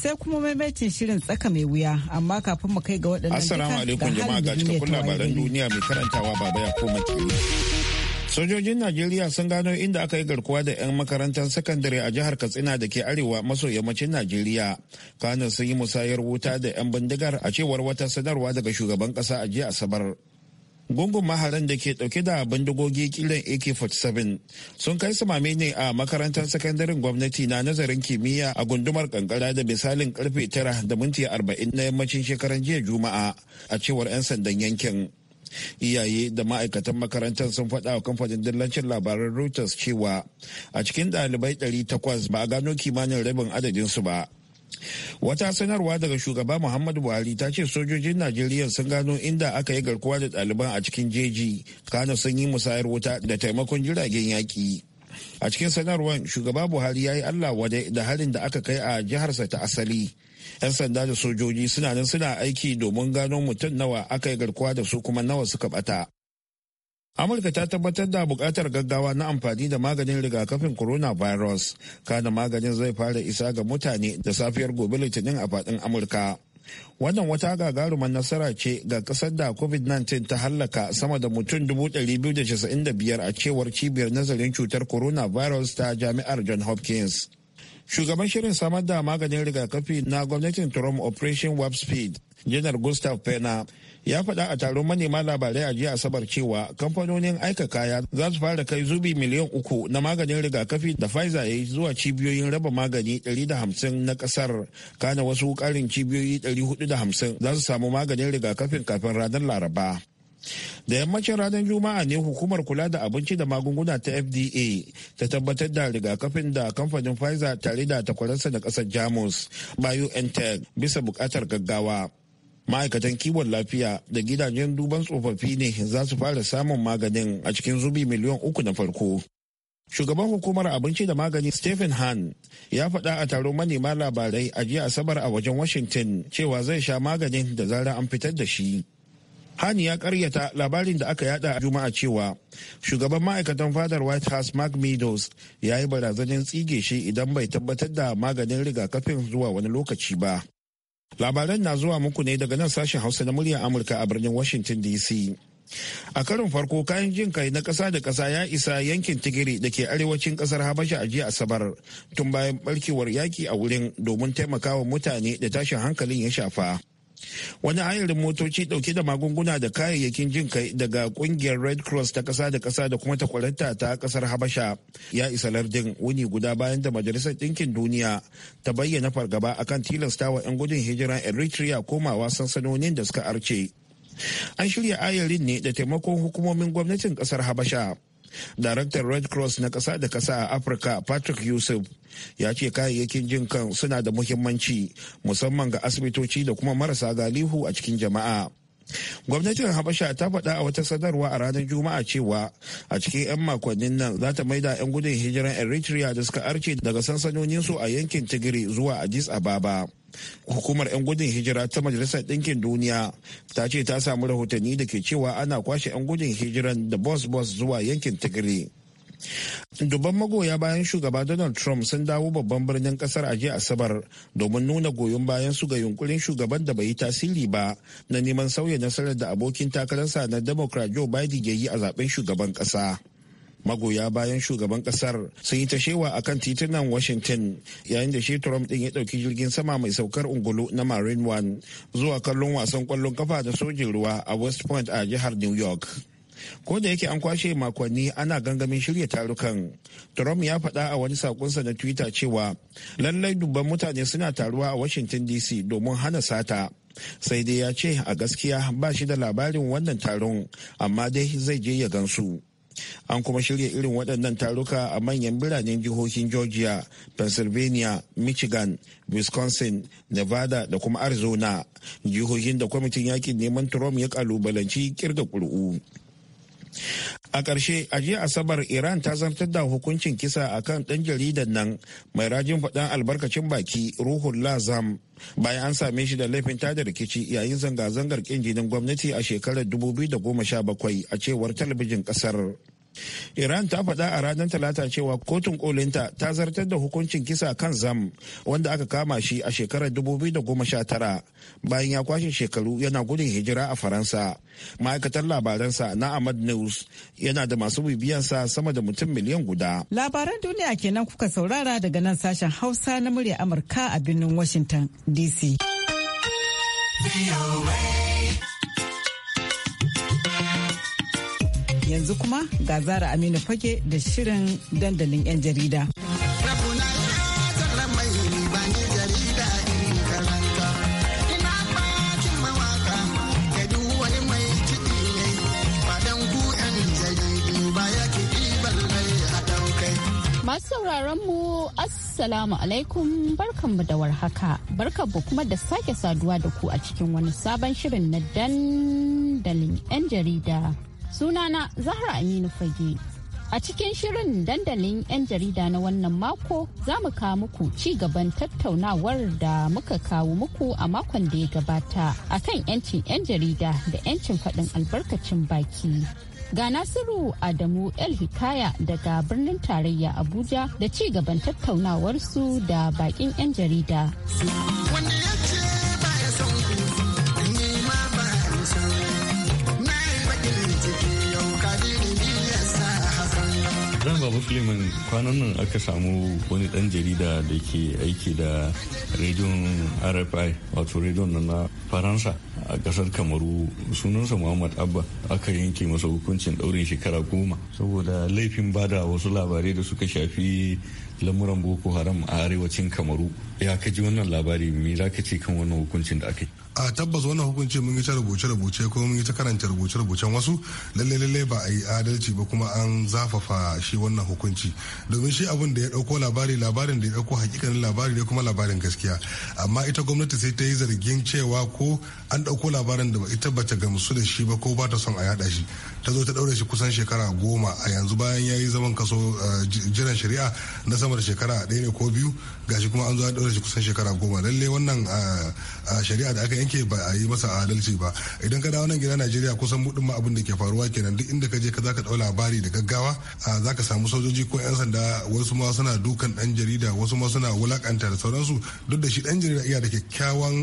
sai kuma maimaitin shirin tsaka mai wuya amma kafin mu kai ga waɗannan assalamu alaikum jama'a ga cikakkun labaran duniya mai karantawa baba ya koma sojojin najeriya sun gano inda aka yi garkuwa da 'yan makarantar sakandare a jihar katsina da ke arewa maso yammacin najeriya kanin sun yi musayar wuta da 'yan bindigar a cewar wata sanarwa daga shugaban kasa a jiya asabar gungun maharan da ke dauke da bindigogi kilan ak-47 sun kai samame ne a makarantar sakandaren gwamnati na nazarin kimiyya a gundumar kankara da misalin karfe 9 da minti 40 na yammacin shekaran jiya juma'a a cewar 'yan sandan yankin iyaye da ma'aikatan makarantar sun faɗa wa kamfanin dillancin labaran reuters cewa a cikin ɗalibai 800 ba a gano kimanin rabin adadinsu ba wata sanarwa daga shugaba muhammadu buhari ta ce sojojin najeriya sun gano inda aka yi garkuwa da ɗaliban a cikin jeji kana sun yi musayar wuta da taimakon jiragen yaƙi a cikin sanarwar shugaba buhari ya yi allah wade da harin da aka kai a jiharsa ta asali 'yan sanda da sojoji suna nan suna aiki domin gano mutum nawa aka yi garkuwa da su kuma nawa suka bata amurka ta tabbatar da bukatar gaggawa na amfani da maganin rigakafin coronavirus kana maganin zai fara isa ga mutane da safiyar gobe litinin a faɗin amurka wannan wata gagarumar nasara ce ga ƙasar da covid-19 ta hallaka sama da mutum 295 a cewar cibiyar nazarin cutar coronavirus ta jami'ar john hopkins shugaban shirin samar da maganin rigakafi na gwamnatin trump operation warp speed janar gustav pena ya faɗa a taron manema labarai a jiya asabar cewa kamfanonin aika kaya za su fara kai zubi miliyan uku na maganin rigakafi da pfizer ya yi zuwa cibiyoyin raba magani 150 na ƙasar kana wasu ƙarin cibiyoyi 450 za su samu maganin rigakafin kafin ranar laraba da yammacin ranar juma'a ne hukumar kula da abinci da magunguna ta fda ta tabbatar da rigakafin da kamfanin pfizer tare da takwaransa da kasar jamus biontech bisa bukatar gaggawa ma'aikatan kiwon lafiya da gidajen duban tsofaffi ne za su fara samun maganin a cikin zubi miliyan uku na farko shugaban hukumar abinci da magani stephen han ya faɗa a taron manema labarai a jiya asabar a wajen washington cewa zai sha maganin da zarar an fitar da shi hani ya karyata labarin da aka yada a juma'a cewa shugaban ma'aikatan fadar white house mark meadows ya yi barazanin tsige shi idan bai tabbatar da maganin rigakafin zuwa wani lokaci ba labaran na zuwa muku ne daga nan sashen hausa na muryar amurka a birnin washington dc a karin farko kayan jin kai na ƙasa da ƙasa ya isa yankin tigiri da ke arewacin ƙasar habasha a jiya asabar tun bayan barkewar yaki a wurin domin taimakawa mutane da tashin hankalin ya shafa wani ayarin motoci dauke da magunguna da kayayyakin jin kai daga kungiyar red cross ta kasa da kasa da kuma takwaranta ta kasar habasha ya isa lardin wuni guda bayan da majalisar ɗinkin duniya ta bayyana fargaba akan tilastawa 'yan gudun hijiran eritrea komawa sansanonin da suka arce an shirya ayarin ne da taimakon hukumomin gwamnatin kasar habasha Daraktan Red Cross na ƙasa da ƙasa a Afirka Patrick Yusuf ya ce kayayyakin jin kan suna da muhimmanci musamman ga asibitoci da kuma marasa galihu a cikin jama'a. gwamnatin habasha ta faɗa a wata sanarwa a ranar juma'a cewa a cikin 'yan makonnin nan za ta maida 'yan gudun hijiran eritrea da suka arce daga sansanonin su a yankin tigiri zuwa addis ababa hukumar 'yan gudun hijira ta majalisar ɗinkin duniya ta ce ta samu rahotanni da ke cewa ana kwashe 'yan gudun hijiran da bos bos zuwa yankin tigiri Dubban magoya bayan shugaba Donald Trump sun dawo babban birnin kasar a jiya Asabar domin nuna goyon bayan su ga yunkurin shugaban da bai yi tasiri ba na neman sauya nasarar da abokin takararsa na Democrat Joe Biden ya yi a zaben shugaban kasa. Magoya bayan shugaban kasar sun yi ta shewa a kan titunan Washington yayin da shi Trump ɗin ya ɗauki jirgin sama mai saukar ungulu na Marine One zuwa kallon wasan ƙwallon kafa da sojin ruwa a West Point a jihar New York. ko da yake an kwashe makonni ana gangamin shirya tarukan trump ya faɗa a wani sakonsa na twitter cewa lallai dubban mutane suna taruwa a washington dc domin hana sata sai dai ya ce a gaskiya ba shi da labarin wannan taron amma dai zai je ya gansu an kuma shirya irin waɗannan taruka a manyan biranen jihohin georgia pennsylvania michigan wisconsin nevada da kuma arizona jihohin da kwamitin yakin neman trump ya kalubalanci kirga ƙuri'u A ƙarshe, a jiya Asabar Iran ta zartar da hukuncin kisa a kan ɗan jaridan nan mai rajin faɗan albarkacin baki Ruhul Lazam bayan an same shi da laifin tada rikici yayin zanga-zangar ƙin jinin gwamnati a shekarar 2017 a cewar talabijin ƙasar. Iran ta faɗa a ranar Talata cewa kotun kolinta ta zartar da hukuncin kisa kan zam wanda aka kama shi a shekarar 2019 bayan ya kwashe shekaru yana gudun hijira a Faransa. Ma'aikatar labaransa na Ahmad News yana da masu bibiyansa sama da mutum miliyan guda. Labaran duniya kenan kuka saurara daga nan sashen Hausa na murya Amurka a birnin Washington DC. Yanzu kuma ga Zara Aminu Fage da shirin dandalin 'yan jarida. Masu sauraron mu Assalamu alaikum barkanmu da warhaka. Barkanmu kuma da sake saduwa da ku a cikin wani sabon shirin na dandalin 'yan jarida Sunana Zahra Aminu Fage. A cikin shirin dandalin 'yan jarida na wannan mako za mu kawo muku ci gaban tattaunawar da muka kawo muku a makon da ya gabata a kan 'yancin 'yan jarida da 'yancin faɗin albarkacin baki. Ga Nasiru Adamu El Hikaya daga birnin tarayya Abuja da ci gaban tattaunawarsu da bakin 'yan jarida. zan Babu Suleiman kwanan nan aka samu wani dan jarida da ke aiki da rediyon RFI wato rediyon na Faransa a kasar Kamaru sunansa Muhammad Abba aka yanke masa hukuncin ɗaurin shekara goma saboda laifin bada wasu labarai da suka shafi lamuran Boko Haram a arewacin Kamaru. Ya kaji wannan labari me za ka ce kan wannan hukuncin da aka yi? a tabbas wannan hukunci mun yi ta rubuce-rubuce ko mun yi ta karanta rubuce-rubucen wasu lalle lalle ba a yi adalci ba kuma an zafafa shi wannan hukunci domin shi abin da ya dauko labari labarin da ya dauko hakikanin labari ne kuma labarin gaskiya amma ita gwamnati sai ta yi zargin cewa ko an dauko labarin da ita bata gamsu da shi ba ko ba ta son a yada shi ta zo ta daure shi kusan shekara goma a yanzu bayan ya yi zaman kaso eh, jiran shari'a na sama da shekara ɗaya ne ko biyu gashi kuma an zo an daure shi kusan shekara goma lalle wannan eh, eh, shari'a da aka yanke ba a yi masa adalci ba idan ka dawo nan gida najeriya kusan mudin ma abin da ke faruwa kenan duk inda ka je ka zaka dau labari da gaggawa za ka samu sojoji ko yan sanda wasu ma suna dukan dan jarida wasu ma suna wulakanta da sauransu duk da shi dan jarida iya da kyakkyawan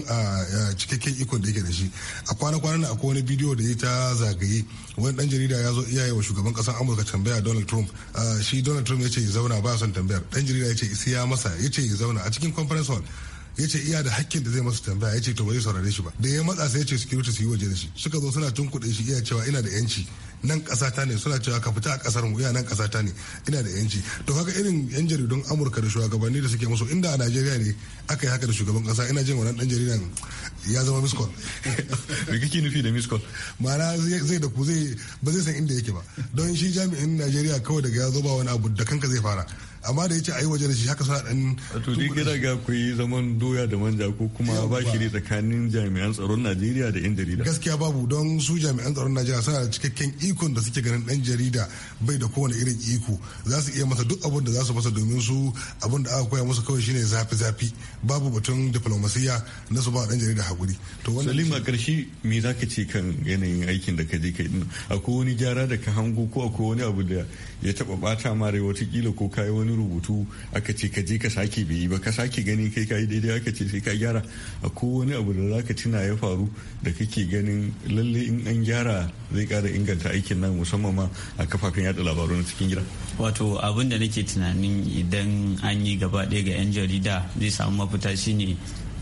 cikakken ikon da yake da shi a kwana kwanan akwai wani bidiyo da ya ta zagaye wani dan jarida ya zo iya wa shugaban kasar amurka tambaya donald trump shi donald trump ya ce ya zauna ba son tambayar dan jarida ya ce sai ya masa ya ce ya zauna a cikin conference hall ya ce iya da hakkin da zai masu tambaya ya ce to ba zai saurare shi ba da ya matsa sai ya ce security su yi waje da shi suka zo suna tunkuɗe shi iya cewa ina da yanci nan ƙasata ne suna cewa ka fita a ƙasar mu iya nan ƙasata ne ina da yanci to haka irin yan jaridun amurka da shugabanni da suke musu inda a najeriya ne aka yi haka da shugaban ƙasa ina jin wannan ɗan jaridan ya zama miskol me kake nufi da miskol ma'ana zai da ku zai ba zai san inda yake ba don shi jami'in najeriya kawai daga ya zo ba wani abu da kanka zai fara amma da ya a yi waje da shi haka suna dan a dai ga ku yi zaman doya da manja ko kuma ba shi ne tsakanin jami'an tsaron Najeriya da yan jarida gaskiya babu don su jami'an tsaron Najeriya suna da cikakken ikon da suke ganin dan jarida bai da kowane irin iko za su iya masa duk abin da za su masa domin su abin da aka koya musu kawai shine zafi zafi babu batun diplomasiya na su ba dan jarida hakuri to wannan Salima karshe me zaka ce kan yanayin aikin da ka je kai akwai wani gyara da ka hango ko akwai wani abu da ya taba bata mare watakila ko kayi wani rubutu aka ce ka je ka sake bai yi ba ka sake gani kai kayi daidai aka ce sai ka gyara a ko wani abu da zaka tuna ya faru da kake ganin lalle in an gyara zai kara inganta aikin nan musamman ma a kafafen yada labaru na cikin gida wato abin da nake tunanin idan an yi gaba ɗaya ga 'yan jarida zai samu mafita shine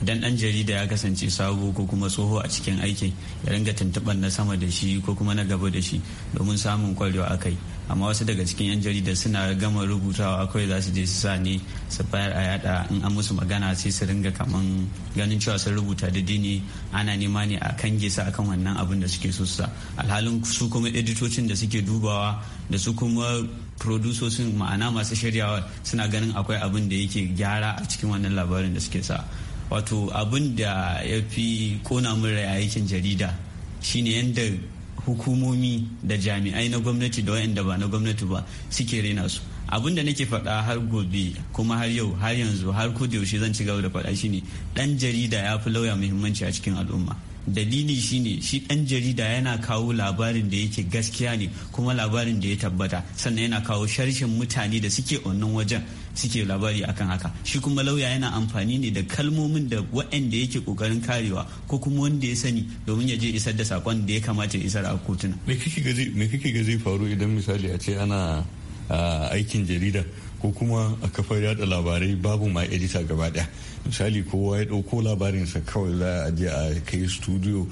dan dan jarida ya kasance sabo ko kuma tsoho a cikin aikin ya ringa tuntuɓar na sama da shi ko kuma na gaba da shi domin samun kwarewa a kai amma wasu daga cikin yan jarida suna gama rubutawa akwai za su je su sa ne su bayar a yada in an musu magana sai su ringa kaman ganin cewa sun rubuta da dini ana nema ne a kan su akan wannan abin da suke so su sa alhalin su kuma editocin da suke dubawa da su kuma producers ma'ana masu shiryawa suna ganin akwai abin da yake gyara a cikin wannan labarin da suke sa wato abin da ya fi kona mun rai aikin jarida shine yadda hukumomi da jami'ai na gwamnati da wayanda ba na gwamnati ba suke rena su abin da nake faɗa har gobe kuma har yau har yanzu har ko da yaushe zan ci gaba da faɗa shine dan jarida ya fi lauya muhimmanci a cikin al'umma dalili shine shi dan jarida yana kawo labarin da yake gaskiya ne kuma labarin da ya tabbata sannan yana kawo sharshen mutane da suke wannan wajen suke labari akan haka shi kuma lauya yana amfani ne da kalmomin da waɗanda yake kokarin karewa ko kuma wanda ya sani domin ya je isar da sakon da ya kamata ya isar a kotuna me kake ga zai faru idan misali a ce ana aikin jarida ko kuma a kafar yada labarai babu ma edita gaba daya misali kowa ya ɗauko labarinsa kawai za a je a kai studio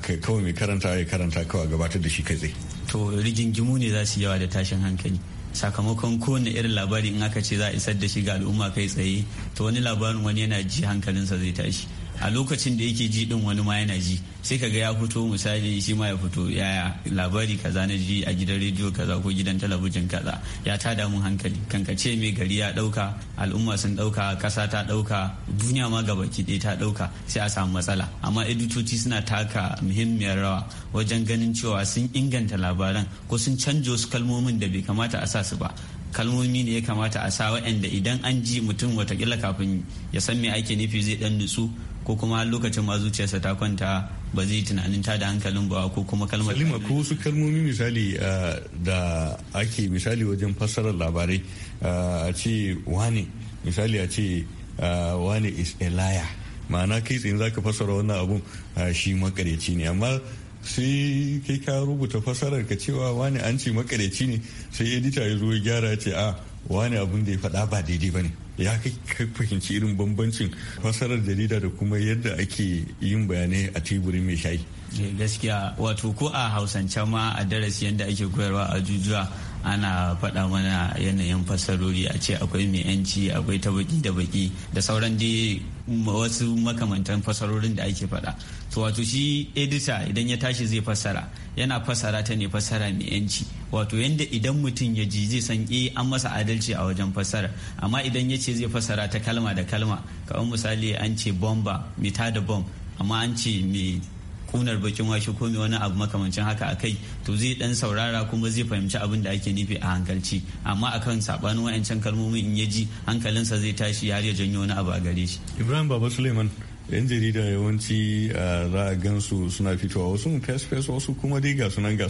kawai mai karanta ya karanta kawai gabatar da shi kai zai. to rigingimu ne za su yawa da tashin hankali sakamakon kowane irin labari in aka ce za a isar da shi ga al'umma kai tsaye to wani labarin wani yana ji hankalinsa zai tashi a lokacin da yake ji din wani ma yana ji sai kaga ya fito misali shi ma ya fito yaya labari kaza na ji a gidan rediyo kaza ko gidan talabijin kaza ya ta damun hankali kanka ce mai gari ya dauka al'umma sun dauka kasa ta dauka duniya ma gaba ki ta dauka sai a samu matsala amma editoci suna taka muhimmiyar rawa wajen ganin cewa sun inganta labaran ko sun canjo su kalmomin da bai kamata a sa su ba kalmomi ne ya kamata a sa waɗanda idan an ji mutum watakila kafin ya san me ake nufi zai dan nutsu ko kuma lokacin ma zuciyarsa ta kwanta ba zai tunanin ta da hankalin ba ko kuma kalmar salima ko wasu kalmomi misali uh, da ake misali wajen fassarar labarai uh, a ce wane misali a ce uh, wane is a liar ma'ana kai tsaye za ka fassara wannan abun shi makareci ne amma sai kai ka rubuta fassarar ka cewa wane an ce makareci ne sai edita ya zo ya gyara ya ce a ah, wani abin da ya faɗa ba daidai ba ne ya kai fahimci irin bambancin fasarar jarida da kuma yadda ake yin bayanai a teburin mai shayi eh, gaskiya wato ko a hausance ma a darasi yadda ake koyarwa a jujuwa ana faɗa mana yanayin fasarori a ce akwai mai yanci akwai ta baki da baki da sauran dai wasu makamantan fasarorin da ake faɗa to wato shi edita idan ya tashi zai fassara yana fassara ta ne fassara mai yanci wato yanda idan mutum ya ji zai san eh an masa adalci a wajen fassara amma idan ya ce zai fassara ta kalma da kalma kamar misali an ce bomba mai tada bom amma an ce mai kunar bakin washe ko mai wani abu makamancin haka a kai to zai dan saurara kuma zai fahimci abin da ake nufi a hankalci amma akan sabanin wayancan kalmomin in ya ji hankalinsa zai tashi har ya janyo wani abu a gare shi ibrahim baba suleiman yan jarida yawanci za a gansu suna fitowa wasu fes fes wasu kuma dai ga sunan ga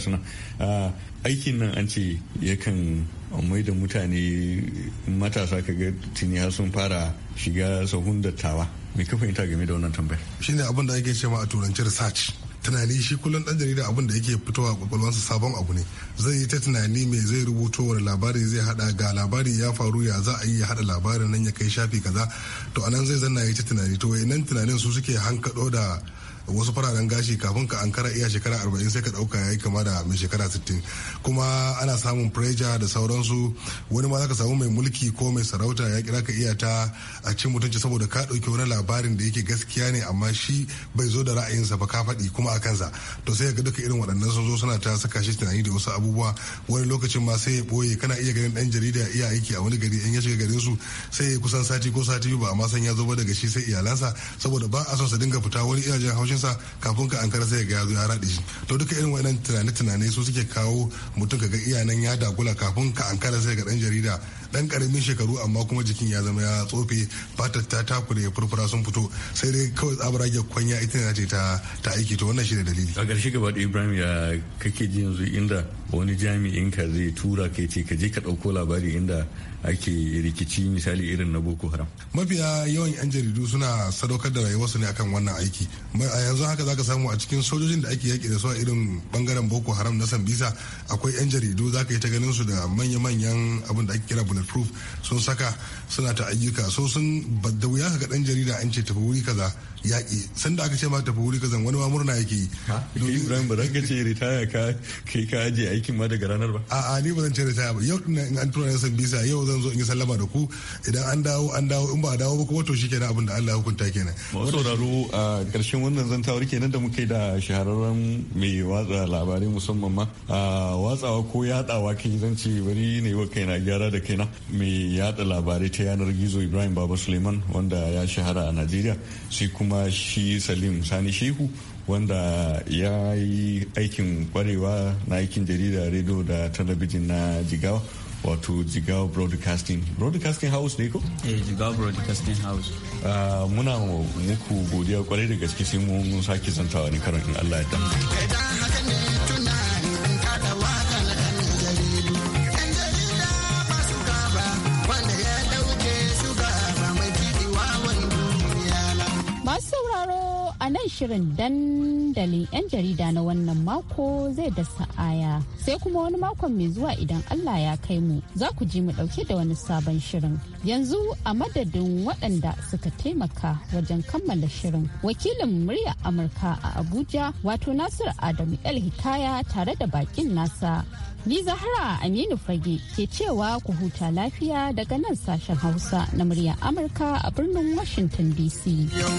aikin nan an ce yakan mai da mutane matasa kaga tuniya sun fara shiga sahun dattawa me kafa fahimta game da wannan tambayar shine abin da ake cewa a turanci research tunani shi kullum dan jarida abin da yake fitowa kwakwalwansa sabon abu ne zai yi ta tunani mai zai rubuto wani labari zai hada ga labari ya faru ya za a yi ya hada labarin nan ya kai shafi kaza to anan zai zanna ya ta tunani to nan tunanin su suke hankado da wasu fararen gashi kafin ka ankara iya shekara arba'in sai ka dauka yayi kama da mai shekara sittin kuma ana samun preja da sauransu wani ma ka samu mai mulki ko mai sarauta ya kira ka iya ta a cin mutunci saboda ka dauki wani labarin da yake gaskiya ne amma shi bai zo da ra'ayinsa ba ka faɗi kuma a kansa to sai ga duka irin waɗannan sun zo suna ta saka shi tunani da wasu abubuwa wani lokacin ma sai ya ka kana iya ganin dan jarida iya aiki a wani gari in ya shiga garin su sai ya kusan sati ko sati ba amma san ya zo ba daga shi sai iyalansa saboda ba a son su dinga fita wani iyajen sa kafin ka ankara sai ga yazo ya rade shi to duka irin wannan tunane-tunane su suke kawo mutum ka ga iyanan ya dagula kafin ka ankara sai ga dan jarida dan karamin shekaru amma kuma jikin ya zama ya tsofe fatar ta takure furfura sun fito sai dai kawai rage kwanya ita ce ta aiki to wannan shi ne dalili a ƙarshe gaba da ibrahim ya kake ji yanzu inda wani jami'in ka zai tura kai ce ka je ka ɗauko labari inda ake rikici misali irin na boko haram mafiya yawan yan jaridu suna sadaukar da rayuwarsu ne akan wannan aiki a yanzu haka zaka samu a cikin sojojin da ake yaƙi da su a irin bangaren boko haram na sambisa akwai yan jaridu zaka yi ta ganin su da manya-manyan abin da ake kira bulletproof sun saka suna ta ayyuka so sun da wuya ka ga ɗan jarida an ce tafi wuri kaza yaƙi sanda aka ce ma tafi wuri kazan wani ma murna yake yi. Ibrahim ba ranka ce ritaya ka kai ka aikin ma daga ranar ba. A'a ni ba zan ce ritaya ba yau ina in an tura na san bisa yau zan zo in yi sallama da ku idan an dawo an dawo in ba a dawo ba kuma to shikenan abin da Allah ya hukunta kenan. Masu sauraro a ƙarshen wannan zantawar kenan da muke da shahararren mai watsa labarai musamman ma watsawa ko yaɗawa kai zan ce bari ne wa kaina gyara da kaina mai yada labarai ta yanar gizo Ibrahim Baba Suleiman wanda ya shahara a Najeriya sai kuma kuma shi salim sani shehu wanda ya yi aikin kwarewa na aikin jarida radio da talabijin na jigawa wato jigawa broadcasting broadcasting house ne ko? eh jigawa broadcasting house ah, muna muku godiya kwarai da gaske sai mun sake zantawa ne karon in allah ya a nan shirin dandalin 'yan jarida na wannan mako zai da sa'aya sai kuma wani makon mai zuwa idan allah ya kai mu za ku ji mu dauke da wani sabon shirin yanzu a madadin waɗanda suka taimaka wajen kammala shirin wakilin murya amurka a abuja wato nasir adamu el hikaya tare da bakin nasa ni zahara aminu fage ke cewa ku huta lafiya daga nan sashen hausa na murya amurka a birnin washington dc Yau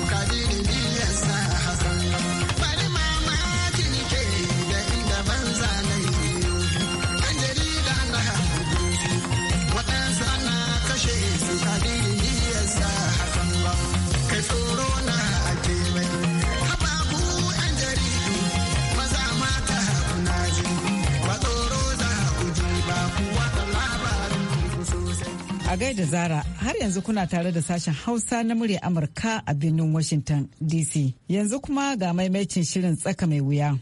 A gaida Zara har yanzu kuna tare da sashen Hausa na murya Amurka a birnin Washington DC. Yanzu kuma ga maimaicin shirin tsaka mai wuya.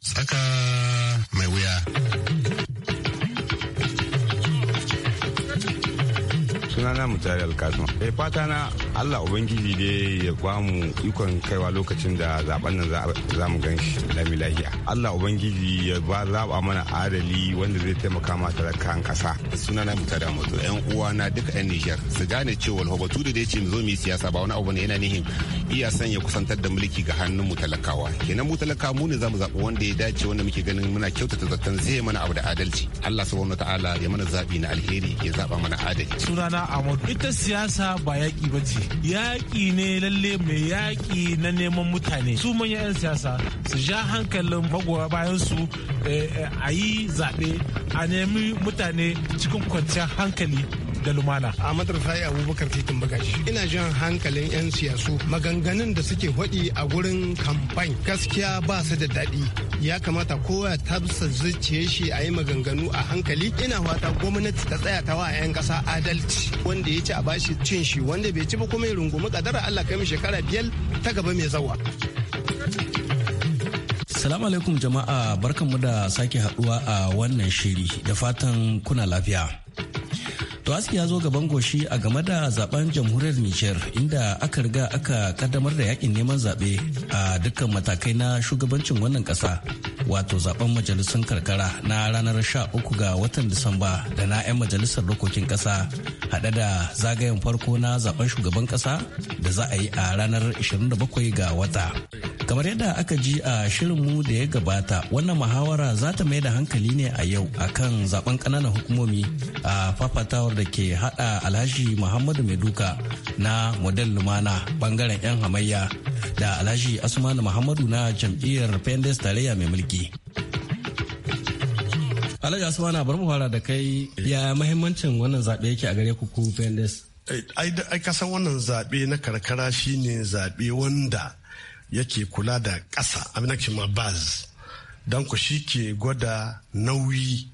sunana mutare alkasuma eh fata na allah ubangiji ne ya ba ikon kaiwa lokacin da zaben nan za mu gan shi lami lahiya allah ubangiji ya ba zaba mana adali wanda zai taimaka ma talakan kasa sunana mutare amadu yan uwa na duka yan nijar su gane cewa hobatu da ya ce zo mu yi siyasa ba wani abu ne yana nihin iya sanya kusantar da mulki ga hannun mu talakawa kenan mu talakawa mu ne za mu zaɓi wanda ya dace wanda muke ganin muna kyautata zaton zai mana abu da adalci allah subhanahu wa ta'ala ya mana zaɓi na alheri ya zaɓa mana adalci sunana Amadu ita siyasa ba yaƙi ba ce yaƙi ne lalle mai yaƙi na neman mutane su manyan 'yan siyasa su ja hankalin magoya bayan su eh, eh, a yi zaɓe a nemi mutane cikin kwanciyar hankali da lumana. Ahmad Rufai Abubakar Titin Bagashi. Ina jan hankalin 'yan siyasu maganganun da suke hwaɗi a gurin kamfan gaskiya ba su da daɗi. Ya kamata kowa tafsa zuciye shi a yi maganganu a hankali. Ina fata gwamnati ta tsaya ta wa 'yan kasa adalci wanda ya ci a bashi cin shi wanda bai ci ba kuma ya rungumi kadara Allah kai mu shekara biyar ta gaba mai zawa. Salamu alaikum jama'a barkanmu da sake haduwa a wannan shiri da fatan kuna lafiya. To ya zo gaban goshi a game da zaben jamhuriyar Nijar inda aka riga aka kaddamar da yakin neman zaɓe a dukkan matakai na shugabancin wannan ƙasa. wato zaben majalisun karkara na ranar 13 ga watan Disamba da na 'yan majalisar dokokin ƙasa haɗe da zagayen farko na zaben shugaban ƙasa da za a yi a ranar 27 ga wata. Kamar yadda aka ji a shirin mu da ya gabata wannan muhawara za ta mai da hankali ne a yau akan zaben ƙananan hukumomi a fafatawar da ke haɗa Alhaji Muhammadu Maiduka na model Lumana bangaren 'yan hamayya da Alhaji Asmanu Muhammadu na jam'iyyar Pendes tarayya mai mulki. baki. Alhaji Asuwana bar mu fara da kai ya mahimmancin wannan zaɓe yake a gare ku ku Fendes. Eh, ai wannan zaɓe na karkara shine zaɓe wanda yake kula da ƙasa aminacin ma baz don ku shi ke gwada nauyi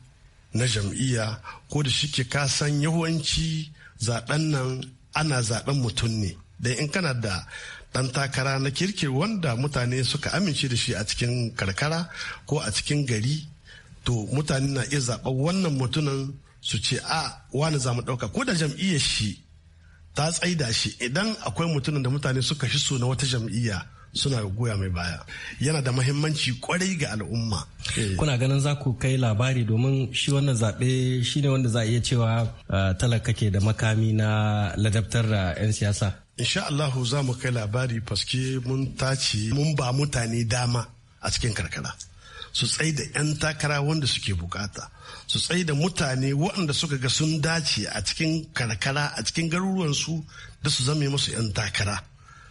na jam'iyya ko da shi ke kasan yawanci zaɓen nan ana zaɓen mutum ne. da in kana da dan takara na kirki wanda mutane suka amince da shi a cikin karkara ko a cikin gari to mutane na iya zaɓar wannan mutumin su ce a wani za mu ɗauka ko da jam'iyyar shi ta tsaida shi idan akwai mutumin da mutane suka shi so na wata jam'iyya suna goya mai baya yana da mahimmanci kwarai ga al'umma eh. kuna ganin za ku kai labari domin shi wannan zaɓe shi ne wanda za a iya cewa eh, talaka ke da makami na ladabtar da 'yan siyasa insha Allah za mu kai labari faske mun tace mun ba mutane dama a cikin karkara su tsai da 'yan takara wanda suke bukata su tsai da mutane waɗanda suka ga sun dace a cikin karkara a cikin garuruwansu da su zame musu 'yan takara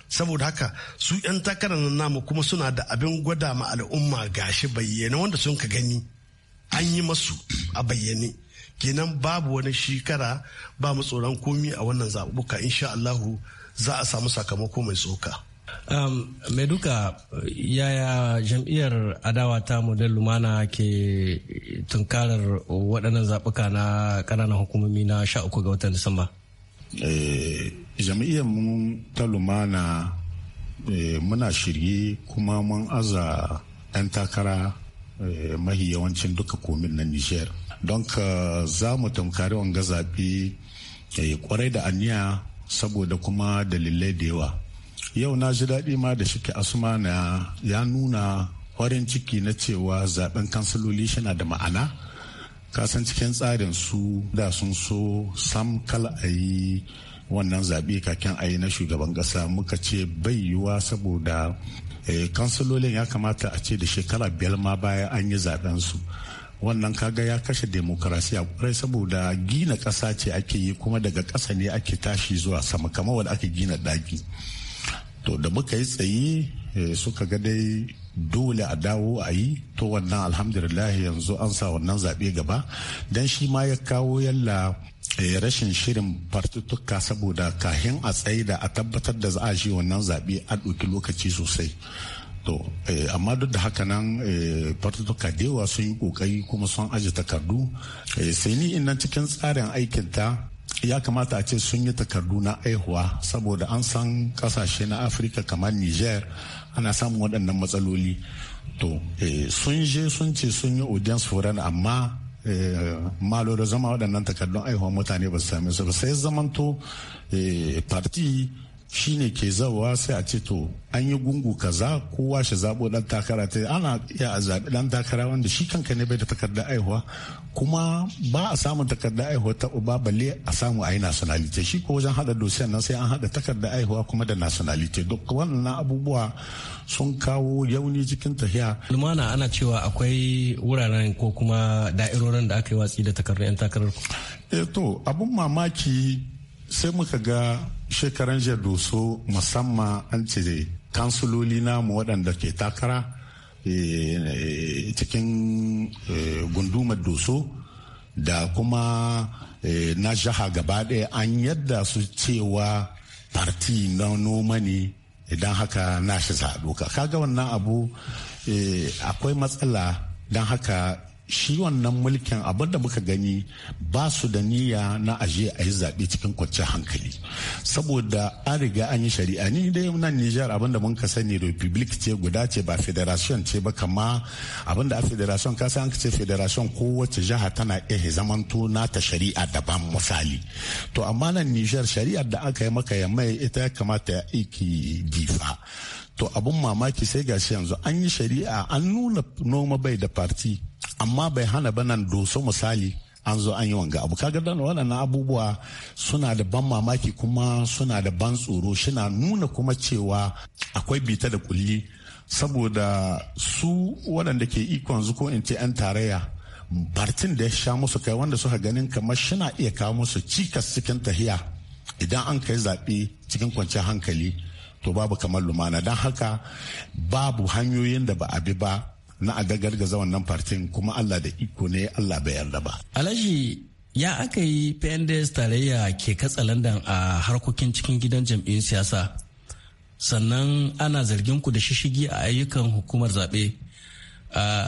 saboda haka su 'yan takara nan namu kuma suna da abin gwada ma al'umma gashi bayyana wanda sun ka gani an yi masu a bayyane kenan babu wani shekara ba mu tsoron komi a wannan zaɓuɓɓuka insha Allahu za a samu sakamako mai tsoka. Um, mai duka yaya jam'iyyar adawa ta model lumana ke tunkarar waɗannan zaɓuka na ƙananan hukumomi na sha uku ga watan disamba eh, jam'iyyar mu ta lumana eh, muna shirye kuma mun aza 'yan takara eh, mahi yawancin duka komin na nijar don ka za mu tunkari wanga zaɓe kwarai da aniya saboda kuma dalilai da yawa yau na ji daɗi ma da shike asuma ya nuna farin ciki na cewa zaben kansaloli shana da ma'ana kasan cikin tsarin su da sun so sam kal a yi wannan zaɓe kakin a yi na shugaban ƙasa muka ce bai yiwuwa saboda eh, kansalolin ya kamata a ce da shekara biyar ma baya an yi zaben su wannan kaga ya kashe demokarasiya kwarai saboda gina ƙasa ce ake yi kuma daga ƙasa ne ake tashi zuwa sama kamar wanda aka gina ɗaki to da muka yi tsaye eh, suka ga dai dole a dawo a yi to wannan alhamdulillah yanzu an sa wannan zaɓe gaba don shi ma ya kawo yalla eh, rashin shirin fartuttuka saboda kahin a tsaye da a tabbatar da za a shi wannan zaɓe a ɗauki lokaci sosai To, eh, amma duk da haka nan eh, fartuka da sun yi kokari kuma sun aji takardu. Eh, sai ni nan cikin tsarin aikin ta ya kamata a ce sun yi takardu na aihuwa saboda an san kasashe na afirka kamar niger ana samun waɗannan matsaloli to sun je sun ce sun yi audience foreign amma malo da zama waɗannan takardun aihuwa mutane ba su same su ba sai zamanto parti shine ke zawa sai a ce to an yi gungu kaza ko washe zabo dan takara ta ana iya a zabi dan takara wanda shi kanka ne bai da takarda aihuwa kuma ba a samun takarda aihuwa ta uba balle a samu a yi nationality shi ko wajen hada dosiyan nan sai an hada takarda aihuwa kuma da nationality duk wannan abubuwa sun kawo yauni cikin tafiya. lumana ana cewa akwai wuraren ko kuma da'irorin da aka yi watsi da takardar 'yan takarar ku. eh to abun mamaki sai muka ga shekaran doso musamman an ce kansuloli namu waɗanda ke takara eh, cikin eh, gundumar doso da kuma eh, na jiha gaba ɗaya an yadda su cewa farti na noma ne idan haka na shi ka kaga wannan abu akwai matsala don haka shi wannan mulkin abin da muka gani ba su da niyya na aje a yi zaɓe cikin kwanciyar hankali saboda an riga an yi shari'a ni dai nan nijar abin da muka sani republic ce guda ce ba federation ce ba kama abin da a federation ka san ce federation ko kowace jiha tana iya na ta shari'a daban misali to amma nan nijar shari'ar da aka yi maka ya mai ita ya kamata ya aiki difa to abun mamaki sai gashi yanzu an yi shari'a an nuna noma bai da farti amma bai hana ba nan doso misali an zo an yi wanga abu kaga dan waɗannan abubuwa suna da ban mamaki kuma suna da ban tsoro na nuna kuma cewa akwai bita da kulli saboda su waɗanda ke ikon zuko in ce 'yan tarayya bartin da ya sha musu kai wanda suka ganin kamar shina iya kawo musu cikas cikin tahiya idan an kai zaɓe cikin kwanciyar hankali to babu kamar lumana don haka babu hanyoyin da ba a bi ba na a zawan nan fartin kuma allah da iko ne allah bai yarda ba alhaji ya aka yi pnds tarayya ke katsa katsalandan a harkokin cikin gidan jam'iyyun siyasa sannan ana zargin ku da shishigi a ayyukan hukumar zaɓe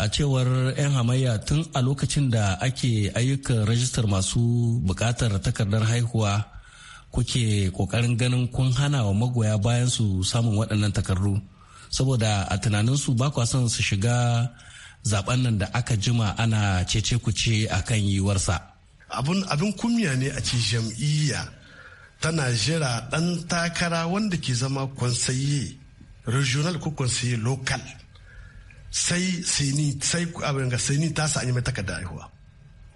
a cewar 'yan hamayya tun a lokacin da ake ayyukan rajistar masu bukatar takardar haihuwa kuke kokarin ganin kun hana wa magoya bayan su samun waɗannan takardu saboda a tunaninsu ba kwa son su shiga zaben nan da aka jima ana cece ce a kan yiwarsa. abin kunya ne a ce jam'iyya tana jira ɗan takara wanda ke zama kwansaye regional ko kwansaye local sai sai ni sai abin ga sai ni an yi mai takarda haihuwa.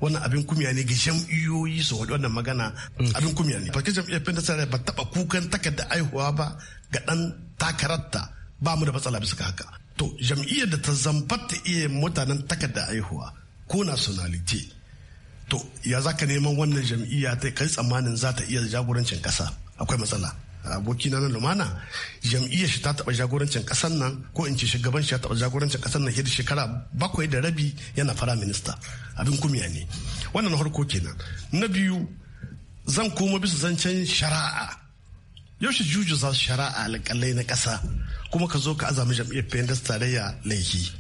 wannan abin kumiya ne ga jam'iyyoyi su waɗi wannan magana mm. abin kumiya ne farkin jam'iyyar pentasar ba taɓa kukan takarda aihuwa ba ga ɗan takararta ba mu da matsala bisa haka to jam'iyyar da ta zambata iya mutanen takarda aihuwa ko nationality to ya za ka neman wannan jam'iyya ta kai tsammanin za ta iya jagorancin ƙasa akwai matsala abokina na lumana jam'iyyar shi ta taɓa jagorancin ƙasar nan ko in ce shugaban shi ya taɓa jagorancin ƙasar nan da shekara bakwai da rabi yana fara minista abin kumiya ne wannan harko kenan na biyu zan koma bisa zancen shari'a yaushe juju za shari'a alƙalai na ƙasa kuma ka zo ka azami jam'iyyar pendas tarayya laifi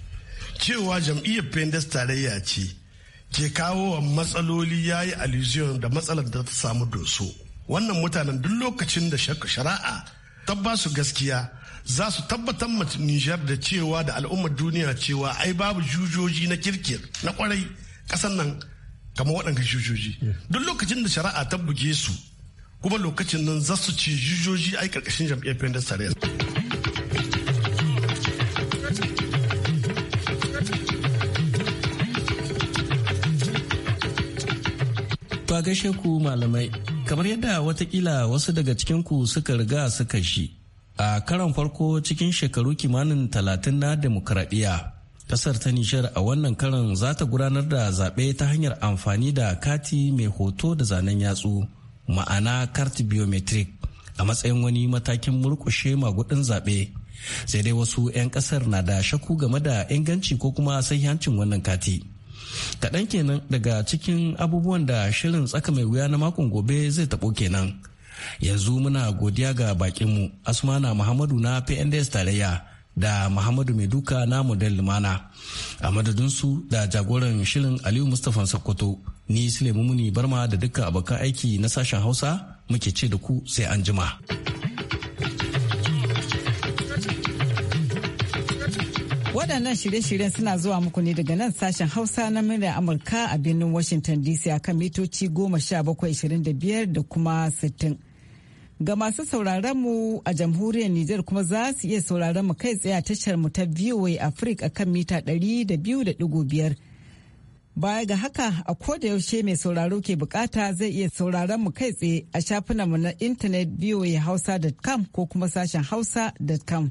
cewa jam'iyyar pendas tarayya ce ke kawo wa matsaloli ya yi da matsalar da ta samu doso wannan mutanen duk lokacin da shari'a ta ba su gaskiya za su tabbatar ma Nijar da cewa da al'ummar duniya cewa ai babu jujoji na kirkir na kwarai kasan nan kamar waɗanda jujoji duk lokacin da shari'a ta buge su kuma lokacin nan za su ce jujoji ai karkashin jam'iyyar pendas tarayyar To ku malamai kamar yadda watakila wasu daga cikinku suka riga suka shi a karan farko cikin shekaru kimanin talatin na demokradiyya kasar ta nishar a wannan karan za ta gudanar da zaɓe ta hanyar amfani da kati mai hoto da zanen yatsu ma'ana karti biometric a matsayin wani matakin murkushe magudin zaɓe sai dai wasu 'yan kasar na da shaku game da inganci ko kuma sahihancin wannan kati kaɗan kenan daga cikin abubuwan da shirin tsaka mai wuya na makon gobe zai taɓo kenan yanzu muna godiya ga mu asmana muhammadu na pnds tarayya da muhammadu mai duka na model lumana a madadinsu da jagoran shirin aliyu mustapha sokoto ni sulaimu muni barma da dukkan abokan aiki na sashen hausa muke ce da ku sai an jima. Waɗannan shirye-shiryen suna zuwa muku ne daga nan sashen Hausa na muryar Amurka a birnin Washington DC a kan mitoci 1725 da kuma 60. Ga masu sauraron mu a jamhuriyar Nijar kuma za su iya sauraron mu kai tsaye a tashar mu ta VOA Africa kan mita 200.5. Baya ga haka a da yaushe mai sauraro ke bukata zai iya sauraron mu kai tsaye a shafinanmu na intanet voahausa.com ko kuma sashen hausa.com.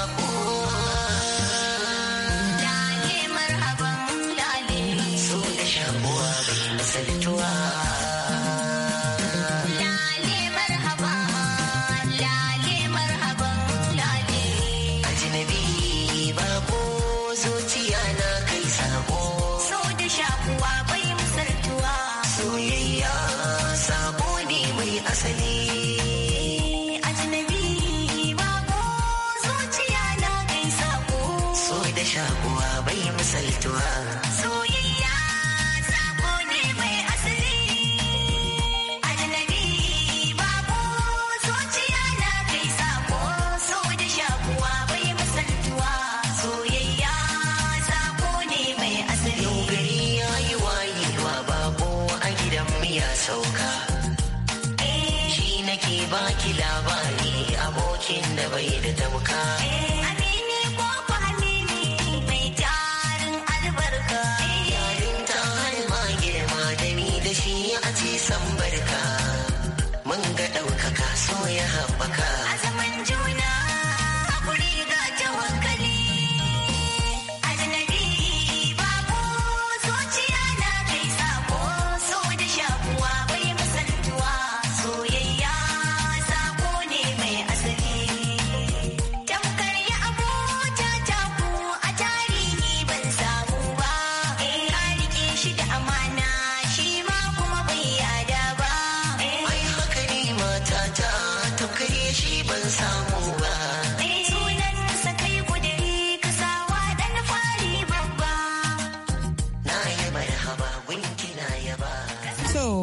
ya sauka eh, shi nake baki labari abokin da bai da tamka